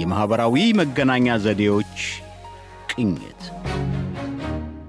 የማኅበራዊ መገናኛ ዘዴዎች ቅኝት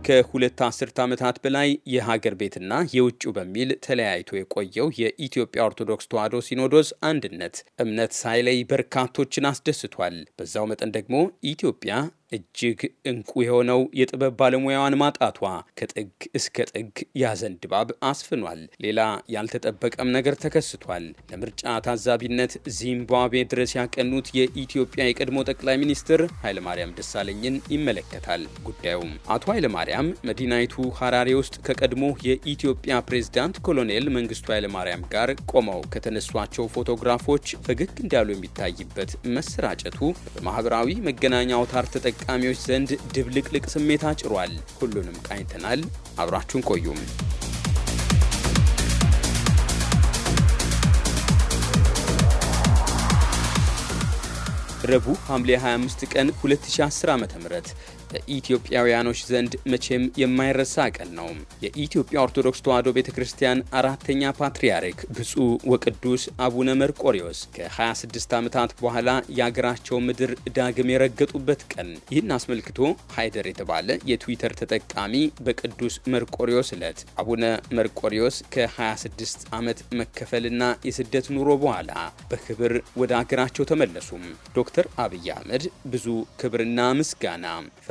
ከሁለት አስርት ዓመታት በላይ የሀገር ቤትና የውጭው በሚል ተለያይቶ የቆየው የኢትዮጵያ ኦርቶዶክስ ተዋሕዶ ሲኖዶስ አንድነት እምነት ሳይለይ በርካቶችን አስደስቷል። በዛው መጠን ደግሞ ኢትዮጵያ እጅግ እንቁ የሆነው የጥበብ ባለሙያዋን ማጣቷ ከጥግ እስከ ጥግ ያዘን ድባብ አስፍኗል። ሌላ ያልተጠበቀም ነገር ተከስቷል። ለምርጫ ታዛቢነት ዚምባብዌ ድረስ ያቀኑት የኢትዮጵያ የቀድሞ ጠቅላይ ሚኒስትር ኃይለማርያም ደሳለኝን ይመለከታል። ጉዳዩም አቶ ኃይለማርያም መዲናይቱ ሀራሪ ውስጥ ከቀድሞ የኢትዮጵያ ፕሬዝዳንት ኮሎኔል መንግስቱ ኃይለማርያም ጋር ቆመው ከተነሷቸው ፎቶግራፎች ፈገግ እንዳሉ የሚታይበት መሰራጨቱ በማህበራዊ መገናኛ አውታር ተጠ ተጠቃሚዎች ዘንድ ድብልቅልቅ ስሜት አጭሯል። ሁሉንም ቃኝተናል። አብራችሁን ቆዩም። ረቡዕ ሐምሌ 25 ቀን 2010 ም በኢትዮጵያውያኖች ዘንድ መቼም የማይረሳ ቀን ነው። የኢትዮጵያ ኦርቶዶክስ ተዋሕዶ ቤተ ክርስቲያን አራተኛ ፓትርያርክ ብፁዕ ወቅዱስ አቡነ መርቆሪዎስ ከ26 ዓመታት በኋላ የአገራቸው ምድር ዳግም የረገጡበት ቀን። ይህን አስመልክቶ ሃይደር የተባለ የትዊተር ተጠቃሚ በቅዱስ መርቆሪዎስ ዕለት አቡነ መርቆሪዎስ ከ26 ዓመት መከፈልና የስደት ኑሮ በኋላ በክብር ወደ አገራቸው ተመለሱም ዶክተር አብይ አህመድ ብዙ ክብርና ምስጋና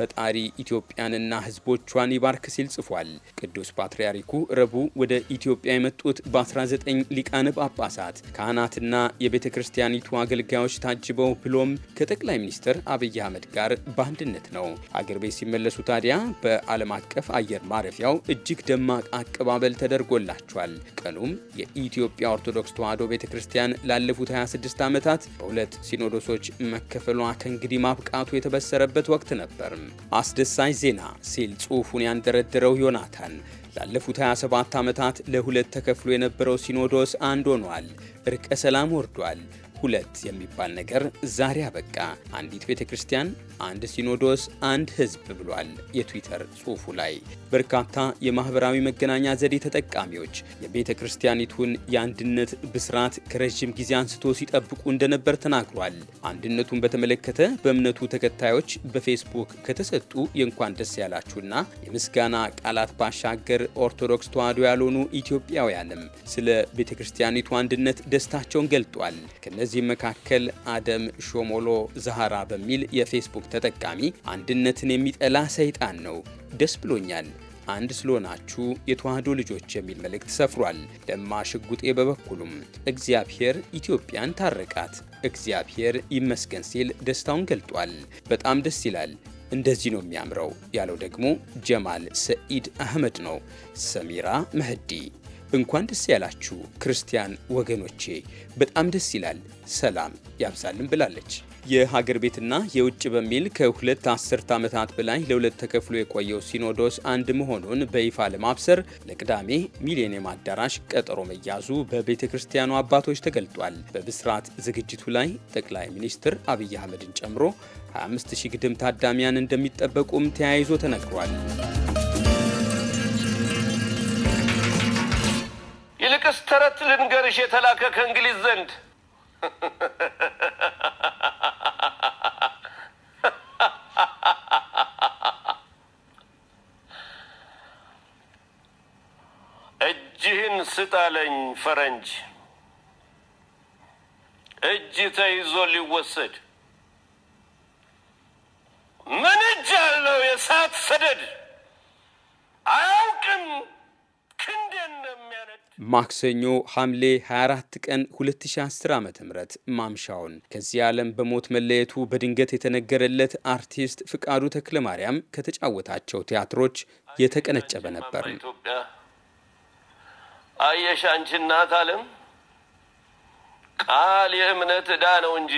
ፈጣሪ ኢትዮጵያንና ሕዝቦቿን ይባርክ ሲል ጽፏል። ቅዱስ ፓትርያርኩ ረቡዕ ወደ ኢትዮጵያ የመጡት በ19 ሊቃነ ጳጳሳት ካህናትና የቤተ ክርስቲያኒቱ አገልጋዮች ታጅበው ብሎም ከጠቅላይ ሚኒስትር አብይ አህመድ ጋር በአንድነት ነው። አገር ቤት ሲመለሱ ታዲያ በዓለም አቀፍ አየር ማረፊያው እጅግ ደማቅ አቀባበል ተደርጎላቸዋል። ቀኑም የኢትዮጵያ ኦርቶዶክስ ተዋሕዶ ቤተ ክርስቲያን ላለፉት 26 ዓመታት በሁለት ሲኖዶሶች መከፈሏ ከእንግዲህ ማብቃቱ የተበሰረበት ወቅት ነበር። አስደሳች ዜና ሲል ጽሑፉን ያንደረደረው ዮናታን ላለፉት 27 ዓመታት ለሁለት ተከፍሎ የነበረው ሲኖዶስ አንድ ሆኗል። እርቀ ሰላም ወርዷል። ሁለት የሚባል ነገር ዛሬ አበቃ። አንዲት ቤተ ክርስቲያን፣ አንድ ሲኖዶስ፣ አንድ ህዝብ ብሏል የትዊተር ጽሑፉ ላይ። በርካታ የማኅበራዊ መገናኛ ዘዴ ተጠቃሚዎች የቤተ ክርስቲያኒቱን የአንድነት ብስራት ከረዥም ጊዜ አንስቶ ሲጠብቁ እንደነበር ተናግሯል። አንድነቱን በተመለከተ በእምነቱ ተከታዮች በፌስቡክ ከተሰጡ የእንኳን ደስ ያላችሁና የምስጋና ቃላት ባሻገር ኦርቶዶክስ ተዋሕዶ ያልሆኑ ኢትዮጵያውያንም ስለ ቤተ ክርስቲያኒቱ አንድነት ደስታቸውን ገልጧል። ከዚህ መካከል አደም ሾሞሎ ዛሃራ በሚል የፌስቡክ ተጠቃሚ አንድነትን የሚጠላ ሰይጣን ነው፣ ደስ ብሎኛል አንድ ስለሆናችሁ የተዋህዶ ልጆች የሚል መልእክት ሰፍሯል። ለማ ሽጉጤ በበኩሉም እግዚአብሔር ኢትዮጵያን ታረቃት እግዚአብሔር ይመስገን ሲል ደስታውን ገልጧል። በጣም ደስ ይላል። እንደዚህ ነው የሚያምረው ያለው ደግሞ ጀማል ሰኢድ አህመድ ነው። ሰሚራ መህዲ እንኳን ደስ ያላችሁ ክርስቲያን ወገኖቼ፣ በጣም ደስ ይላል፣ ሰላም ያብዛልን ብላለች። የሀገር ቤትና የውጭ በሚል ከሁለት አስርት ዓመታት በላይ ለሁለት ተከፍሎ የቆየው ሲኖዶስ አንድ መሆኑን በይፋ ለማብሰር ለቅዳሜ ሚሊኒየም አዳራሽ ቀጠሮ መያዙ በቤተ ክርስቲያኑ አባቶች ተገልጧል። በብስራት ዝግጅቱ ላይ ጠቅላይ ሚኒስትር አብይ አህመድን ጨምሮ 25 ሺህ ግድም ታዳሚያን እንደሚጠበቁም ተያይዞ ተነግሯል። የሚያስለቅስ ተረት ልንገርሽ የተላከ ከእንግሊዝ ዘንድ እጅህን ስጣለኝ ፈረንጅ እጅ ተይዞ ሊወሰድ ምን እጅ አለው የእሳት ሰደድ ማክሰኞ ሐምሌ 24 ቀን 2010 ዓ ም ማምሻውን ከዚህ ዓለም በሞት መለየቱ በድንገት የተነገረለት አርቲስት ፍቃዱ ተክለ ማርያም ከተጫወታቸው ቲያትሮች የተቀነጨበ ነበር። አየሽ አንቺ እናት ዓለም ቃል የእምነት ዕዳ ነው እንጂ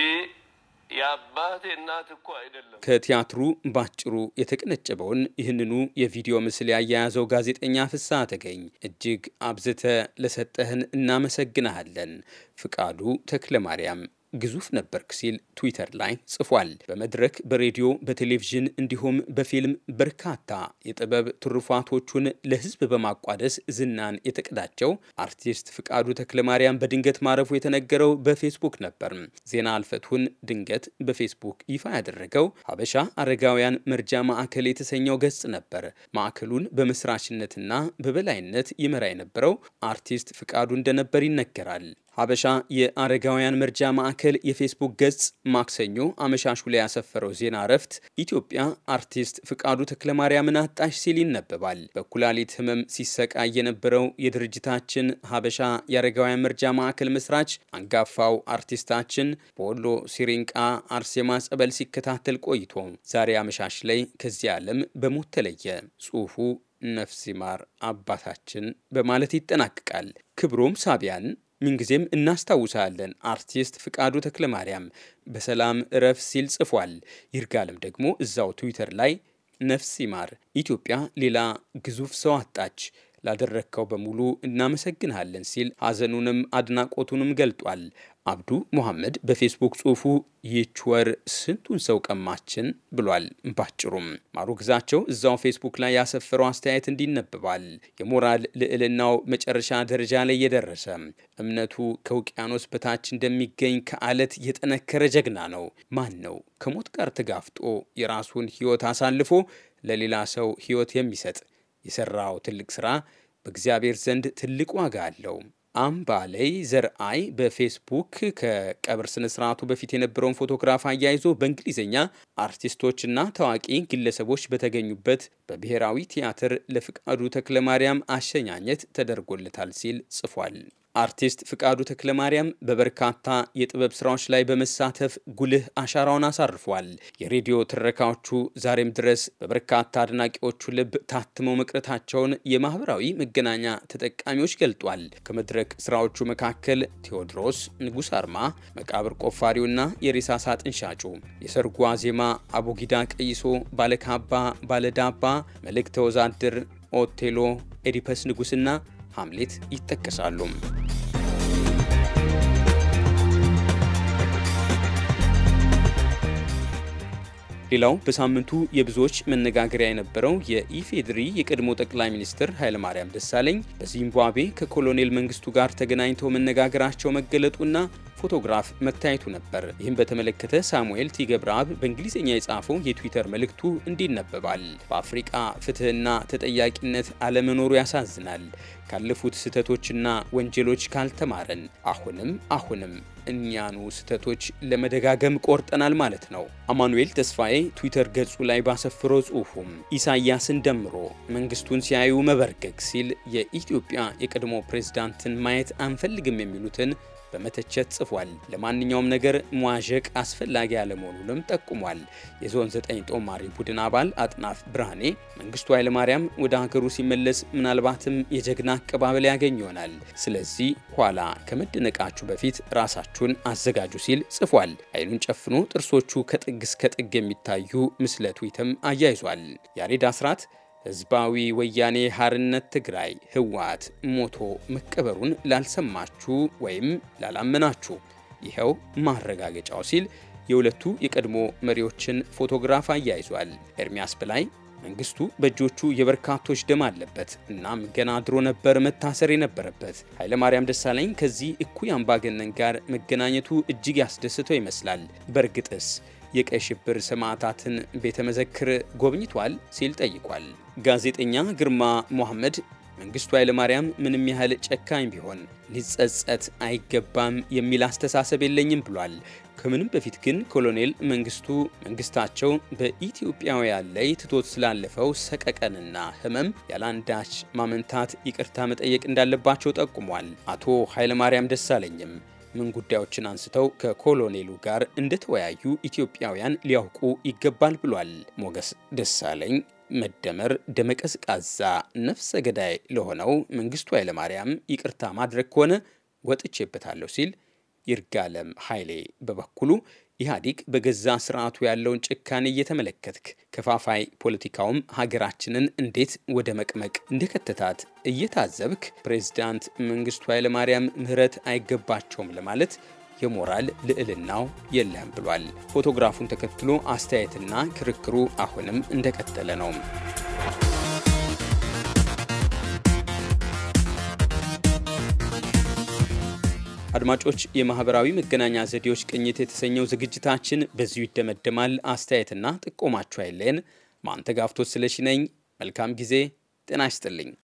የአባቴ እናት እኮ አይደለም። ከቲያትሩ ባጭሩ የተቀነጨበውን ይህንኑ የቪዲዮ ምስል ያያያዘው ጋዜጠኛ ፍስሐ ተገኝ እጅግ አብዝተ ለሰጠህን እናመሰግናሃለን። ፍቃዱ ተክለ ማርያም ግዙፍ ነበርክ ሲል ትዊተር ላይ ጽፏል። በመድረክ በሬዲዮ በቴሌቪዥን እንዲሁም በፊልም በርካታ የጥበብ ትሩፋቶቹን ለሕዝብ በማቋደስ ዝናን የተቀዳጀው አርቲስት ፍቃዱ ተክለማርያም በድንገት ማረፉ የተነገረው በፌስቡክ ነበር። ዜና አልፈቱን ድንገት በፌስቡክ ይፋ ያደረገው ሀበሻ አረጋውያን መርጃ ማዕከል የተሰኘው ገጽ ነበር። ማዕከሉን በመስራችነትና በበላይነት ይመራ የነበረው አርቲስት ፍቃዱ እንደነበር ይነገራል። ሀበሻ የአረጋውያን መርጃ ማዕከል የፌስቡክ ገጽ ማክሰኞ አመሻሹ ላይ ያሰፈረው ዜና እረፍት ኢትዮጵያ አርቲስት ፍቃዱ ተክለማርያምን አጣሽ ሲል ይነበባል። በኩላሊት ሕመም ሲሰቃይ የነበረው የድርጅታችን ሀበሻ የአረጋውያን መርጃ ማዕከል መስራች አንጋፋው አርቲስታችን በወሎ ሲሪንቃ አርሴማ ጸበል ሲከታተል ቆይቶ ዛሬ አመሻሽ ላይ ከዚህ ዓለም በሞት ተለየ። ጽሑፉ ነፍስ አባታችን በማለት ይጠናቀቃል። ክብሮም ሳቢያን ምንጊዜም እናስታውሳለን። አርቲስት ፍቃዱ ተክለማርያም በሰላም እረፍ ሲል ጽፏል። ይርጋለም ደግሞ እዛው ትዊተር ላይ ነፍስ ይማር ኢትዮጵያ ሌላ ግዙፍ ሰው አጣች ላደረግከው በሙሉ እናመሰግንሃለን ሲል ሀዘኑንም አድናቆቱንም ገልጧል። አብዱ ሙሐመድ በፌስቡክ ጽሁፉ ይች ወር ስንቱን ሰው ቀማችን ብሏል። ባጭሩም ማሩ ግዛቸው እዛው ፌስቡክ ላይ ያሰፈረው አስተያየት እንዲነበባል የሞራል ልዕልናው መጨረሻ ደረጃ ላይ የደረሰ እምነቱ ከውቅያኖስ በታች እንደሚገኝ ከአለት የጠነከረ ጀግና ነው። ማን ነው ከሞት ጋር ተጋፍጦ የራሱን ህይወት አሳልፎ ለሌላ ሰው ህይወት የሚሰጥ? የሰራው ትልቅ ስራ በእግዚአብሔር ዘንድ ትልቅ ዋጋ አለው። አምባለይ ዘርአይ በፌስቡክ ከቀብር ስነ ስርዓቱ በፊት የነበረውን ፎቶግራፍ አያይዞ በእንግሊዝኛ አርቲስቶችና ታዋቂ ግለሰቦች በተገኙበት በብሔራዊ ቲያትር ለፍቃዱ ተክለማርያም አሸኛኘት ተደርጎለታል ሲል ጽፏል። አርቲስት ፍቃዱ ተክለማርያም በበርካታ የጥበብ ስራዎች ላይ በመሳተፍ ጉልህ አሻራውን አሳርፏል። የሬዲዮ ትረካዎቹ ዛሬም ድረስ በበርካታ አድናቂዎቹ ልብ ታትመው መቅረታቸውን የማህበራዊ መገናኛ ተጠቃሚዎች ገልጧል። ከመድረክ ስራዎቹ መካከል ቴዎድሮስ ንጉሥ አርማ፣ መቃብር ቆፋሪውና የሬሳ ሳጥን ሻጩ፣ የሰርጉ ዋዜማ፣ አቦጊዳ ቀይሶ፣ ባለካባ ባለዳባ፣ መልእክተ ወዛድር፣ ኦቴሎ፣ ኤዲፐስ ንጉሥና ሐምሌት ይጠቀሳሉ። ሌላው በሳምንቱ የብዙዎች መነጋገሪያ የነበረው የኢፌዴሪ የቀድሞ ጠቅላይ ሚኒስትር ኃይለማርያም ደሳለኝ በዚምባብዌ ከኮሎኔል መንግስቱ ጋር ተገናኝተው መነጋገራቸው መገለጡና ፎቶግራፍ መታየቱ ነበር። ይህም በተመለከተ ሳሙኤል ቲገብረአብ በእንግሊዝኛ የጻፈው የትዊተር መልእክቱ እንዲነበባል። በአፍሪቃ ፍትህና ተጠያቂነት አለመኖሩ ያሳዝናል። ካለፉት ስህተቶችና ወንጀሎች ካልተማረን አሁንም አሁንም እኛኑ ስህተቶች ለመደጋገም ቆርጠናል ማለት ነው። አማኑኤል ተስፋዬ ትዊተር ገጹ ላይ ባሰፍረው ጽሑፉም ኢሳያስን ደምሮ መንግስቱን ሲያዩ መበርገግ ሲል የኢትዮጵያ የቀድሞ ፕሬዝዳንትን ማየት አንፈልግም የሚሉትን በመተቸት ጽፏል። ለማንኛውም ነገር መዋዠቅ አስፈላጊ ያለመሆኑንም ጠቁሟል። የዞን ዘጠኝ ጦማሪ ቡድን አባል አጥናፍ ብርሃኔ መንግስቱ ኃይለማርያም ወደ ሀገሩ ሲመለስ ምናልባትም የጀግና አቀባበል ያገኝ ይሆናል። ስለዚህ ኋላ ከመደነቃችሁ በፊት ራሳችሁ ራሳችሁን አዘጋጁ ሲል ጽፏል። አይኑን ጨፍኖ ጥርሶቹ ከጥግ እስከ ጥግ የሚታዩ ምስለ ትዊትም አያይዟል። ያሬድ አስራት ህዝባዊ ወያኔ ሀርነት ትግራይ ህወሓት ሞቶ መቀበሩን ላልሰማችሁ ወይም ላላመናችሁ ይኸው ማረጋገጫው ሲል የሁለቱ የቀድሞ መሪዎችን ፎቶግራፍ አያይዟል። ኤርሚያስ በላይ መንግስቱ በእጆቹ የበርካቶች ደም አለበት። እናም ገና ድሮ ነበር መታሰር የነበረበት። ኃይለማርያም ደሳለኝ ከዚህ እኩይ አምባገነን ጋር መገናኘቱ እጅግ ያስደስተው ይመስላል። በእርግጥስ የቀይ ሽብር ሰማዕታትን ቤተ መዘክር ጎብኝቷል? ሲል ጠይቋል። ጋዜጠኛ ግርማ ሞሐመድ መንግስቱ ኃይለማርያም ምንም ያህል ጨካኝ ቢሆን ሊጸጸት አይገባም የሚል አስተሳሰብ የለኝም ብሏል። ከምንም በፊት ግን ኮሎኔል መንግስቱ መንግስታቸው በኢትዮጵያውያን ላይ ትቶት ስላለፈው ሰቀቀንና ህመም ያለአንዳች ማመንታት ይቅርታ መጠየቅ እንዳለባቸው ጠቁሟል። አቶ ኃይለማርያም ደሳለኝም ምን ጉዳዮችን አንስተው ከኮሎኔሉ ጋር እንደተወያዩ ኢትዮጵያውያን ሊያውቁ ይገባል ብሏል። ሞገስ ደሳለኝ መደመር ደመቀስቃዛ ነፍሰ ገዳይ ለሆነው መንግስቱ ኃይለማርያም ይቅርታ ማድረግ ከሆነ ወጥቼበታለሁ ሲል ይርጋለም ኃይሌ በበኩሉ ኢህአዲግ በገዛ ስርዓቱ ያለውን ጭካኔ እየተመለከትክ ከፋፋይ ፖለቲካውም ሀገራችንን እንዴት ወደ መቅመቅ እንደከተታት እየታዘብክ ፕሬዚዳንት መንግስቱ ኃይለማርያም ምህረት አይገባቸውም ለማለት የሞራል ልዕልናው የለም ብሏል። ፎቶግራፉን ተከትሎ አስተያየትና ክርክሩ አሁንም እንደቀጠለ ነው። አድማጮች፣ የማህበራዊ መገናኛ ዘዴዎች ቅኝት የተሰኘው ዝግጅታችን በዚሁ ይደመደማል። አስተያየትና ጥቆማችሁ አይለን። ማንተጋፍቶት ስለሺ ነኝ። መልካም ጊዜ። ጤና ይስጥልኝ።